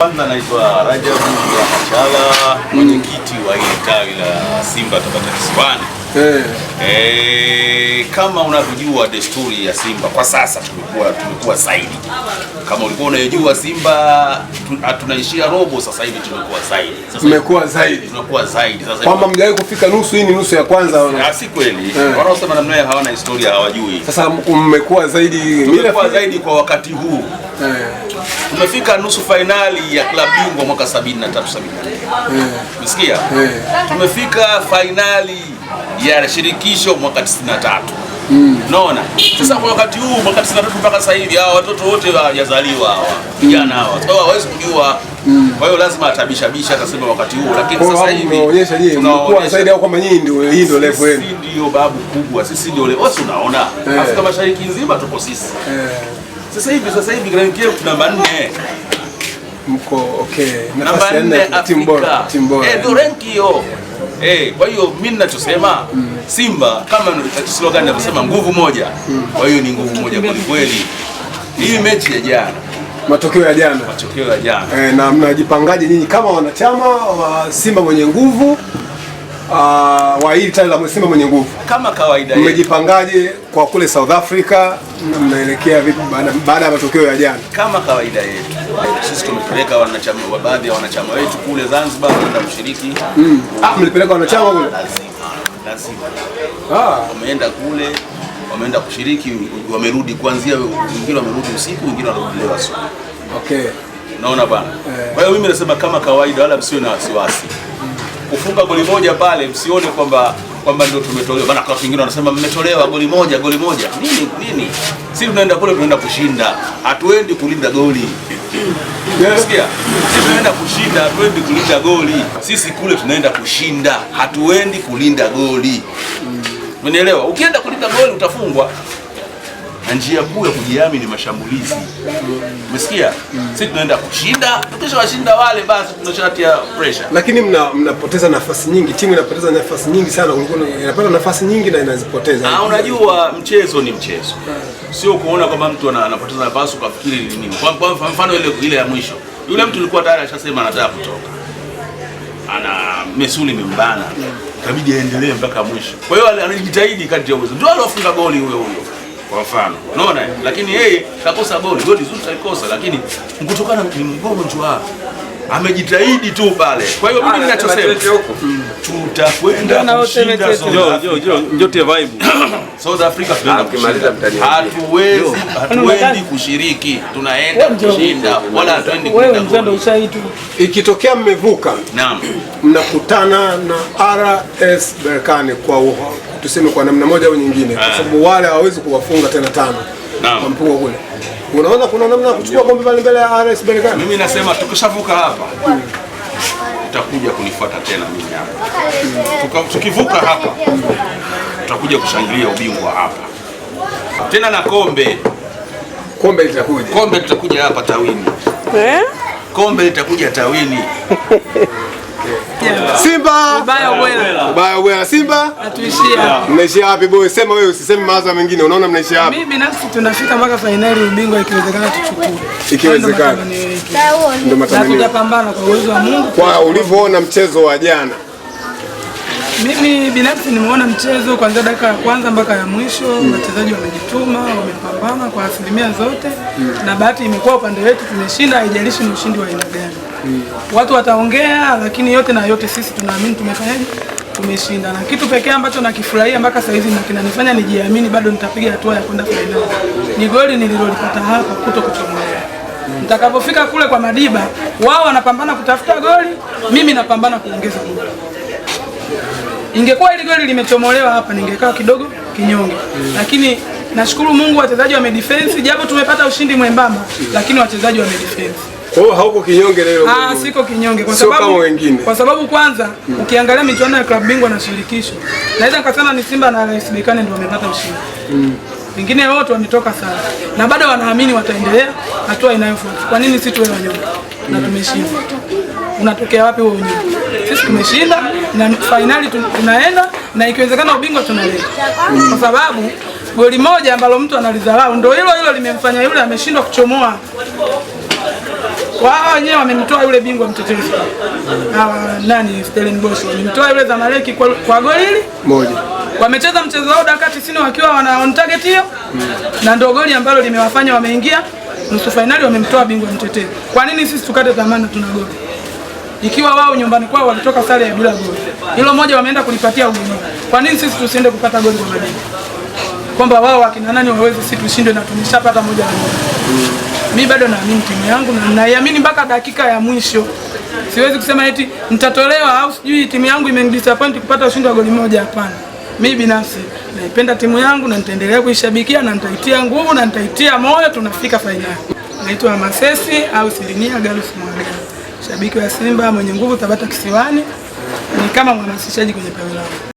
Kwanza naitwa Rajabu Machala, mwenyekiti wa hili tawi la Simba Tabata Kisiwani hey. Eh, hey, kama unavyojua desturi ya Simba kwa sasa tumekuwa tumekuwa zaidi. Kama ulikuwa unayojua Simba ah, tunaishia robo, sasa hivi tumekuwa zaidi, Sasa tumekuwa zaidi, tunakuwa zaidi sasa kwamba mjawahi kufika nusu. Hii ni nusu ya kwanza, Ah, si kweli? Hey. Eh. Wanaosema namna hiyo hawana historia, hawajui. Sasa mmekuwa zaidi, mmekuwa zaidi kwa wakati huu hey. Eh. Tumefika nusu fainali ya klabu bingwa mwaka 73 74, Hey. Tumefika fainali ya shirikisho mwaka 93. Mm. Naona sasa kwa wakati huu mwaka 93 mpaka sasa hivi hawa watoto wote hawajazaliwa hawa vijana hawa, kwa hiyo hawezi kujua. Mm. Kwa hiyo lazima atabishabisha akasema wakati huu, lakini sasa hivi tunaonyesha je, mkuu zaidi au kama nyinyi ndio hii ndio level yenu? Sisi ndio babu kubwa, sisi ndio level. Wote unaona eh. Afrika Mashariki nzima tuko sisi. Eh. Sasa hivi sasa hivi Grand ranking yetu namba 4. Mko okay. Namba 4 timu bora, timu bora. Eh, ndio rank hiyo. Eh. Eh, kwa hiyo mimi ninachosema Simba kama slogan ya kusema nguvu moja, kwa hiyo ni nguvu moja kwa kweli. Hii mechi ya jana, matokeo ya jana, matokeo ya jana eh, na mnajipangaje nyinyi kama wanachama wa Simba mwenye nguvu uh, wa hili tawi la Simba mwenye nguvu. Kama kawaida, mmejipangaje kwa kule South Africa, mnaelekea vipi baada ya matokeo ya jana? Kama kawaida yetu sisi tumepeleka wanachama wa baadhi ya wanachama wetu kule Zanzibar kwenda kushiriki. Mm. Ah, mlipeleka wanachama kule? Lazima. Ah, wameenda kule wameenda kushiriki, wamerudi kuanzia, wengine wamerudi usiku, wengine wanarudi leo asubuhi. Okay. Unaona bwana? Eh. Kwa hiyo mimi nasema kama kawaida, wala msiwe na wasiwasi kufunga goli moja pale, msione kwamba kwamba ndio tumetolewa, bana. kwa wengine wanasema mmetolewa goli moja goli moja nini nini. Sisi tunaenda kule, tunaenda kushinda, hatuendi kulinda goli. Unasikia? Sisi tunaenda kushinda, hatuendi kulinda goli. Sisi kule tunaenda kushinda, hatuendi kulinda goli. Unielewa? Ukienda kulinda goli utafungwa na njia kuu ya kujihami ni mashambulizi. Umesikia? mm. Sisi tunaenda kushinda, tukisha washinda wale basi tunashatia pressure. Lakini mna mnapoteza nafasi nyingi, timu inapoteza nafasi nyingi sana, inapata nafasi nyingi na inazipoteza. Ah, unajua mchezo ni mchezo, sio kuona kwamba mtu anapoteza nafasi ukafikiri ni nini. Kwa mfano ile ile ya mwisho, yule mtu alikuwa tayari ashasema anataka kutoka, ana mesuli membana, itabidi aendelee mpaka mwisho. Kwa hiyo anajitahidi kadri ya uwezo, ndio alofunga goli huyo huyo kwa mfano, unaona. Lakini yeye kakosa boli, goli zuri alikosa, lakini kutokana ni mgonjwa amejitahidi tu pale. Kwa hiyo mimi ah, ninachosema hmm. tutakwenda kushinda vibe South Africa, hatuwezi kushiriki, tunaenda kushinda wala hatuendi ikitokea mmevuka. Naam, mnakutana na RS Berkane kwa uhuru tuseme kwa namna moja au nyingine, kwa ah. sababu wale hawawezi kuwafunga tena tano kwa mpungo kule. Unaona kuna namna ya kuchukua kombe pale mbele ya RS Berkane. Mimi nasema tukishavuka hapa utakuja kunifuata tena mimi hapa tukivuka hapa utakuja kushangilia ubingwa hapa tena na kombe kombe litakuja, kombe litakuja hapa tawini eh? kombe litakuja tawini Simba ubaya ubwela. Simba mnaishia wapi boy? Sema wewe, usiseme mawazo mengine. Unaona mnaishia wapi? Mimi nafsi tunafika mpaka finali ubingwa, ikiwezekana tuchukue, ikiwezekana. Ndio matamanio. Tutapambana kwa uwezo wa Mungu. Kwa ulivyoona mchezo wa jana mimi binafsi nimeona mchezo kuanzia dakika ya kwanza mpaka ya mwisho mm. Wachezaji wamejituma, wamepambana kwa asilimia zote mm. Na bahati imekuwa upande wetu, tumeshinda, haijalishi ni ushindi wa aina gani mm. Watu wataongea, lakini yote na yote sisi tunaamini tumefanyaje, tumeshinda. Na kitu pekee ambacho nakifurahia mpaka sasa hivi na kinanifanya nijiamini bado nitapiga hatua ya kwenda fainali ni goli nililolipata hapa kuto kuchomoa mm. nitakapofika kule kwa Madiba, wao wanapambana kutafuta goli, mimi napambana kuongeza goli. Ingekuwa ile goli limechomolewa hapa ningekaa kidogo kinyonge, lakini nashukuru Mungu wachezaji defense japo tumepata ushindi mwembamba, lakini wachezaji defense Kwa hiyo hauko kinyonge leo? Ah, siko kinyonge kwa sababu kama wengine. Kwa sababu kwanza mm. ukiangalia michuano ya klabu bingwa na shirikisho, naweza nikasema ni Simba na RS Berkane ndio wamepata ushindi. mm. Wengine wote wametoka sana na bado wanaamini wataendelea hatua inayofuata. Kwa nini si tuwe wanyonge? Hmm. Na tumeshinda. Unatokea wapi wewe unyonge? Sisi tumeshinda na fainali tunaenda na ikiwezekana ubingwa tunaleta, kwa sababu goli moja ambalo mtu analizalau ndio hilo hilo limemfanya yule ameshindwa kuchomoa. Wao wenyewe wamemtoa yule bingwa mtetezi uh, nani Stellenbosch, wamemtoa yule Zamaleki kwa, kwa goli hili moja. Wamecheza mchezo wao dakika 90 wakiwa wana on target hiyo hmm. na ndio goli ambalo limewafanya wameingia nusu fainali, wamemtoa bingwa mtetezi. Kwa nini sisi tukate dhamana? Tuna goli ikiwa wao nyumbani kwao walitoka sare ya bila goli, hilo moja wameenda kulipatia ugumu. Kwa nini sisi tusiende kupata goli kwa madini? Kwamba wao wakina nani waweze, sisi tushinde na tumeshapata moja la moja. Mimi bado naamini timu yangu na naiamini mpaka dakika ya mwisho. Siwezi kusema eti nitatolewa au sijui timu yangu imenidisappoint kupata ushindi wa goli moja, hapana. Mimi binafsi naipenda timu yangu na nitaendelea kuishabikia na nitaitia nguvu na nitaitia moyo, tunafika fainali. Naitwa Masesi au Sirinia Galus Mwaga shabiki wa Simba mwenye nguvu Tabata Kisiwani, ni kama mhamasishaji kwenye tawi lao.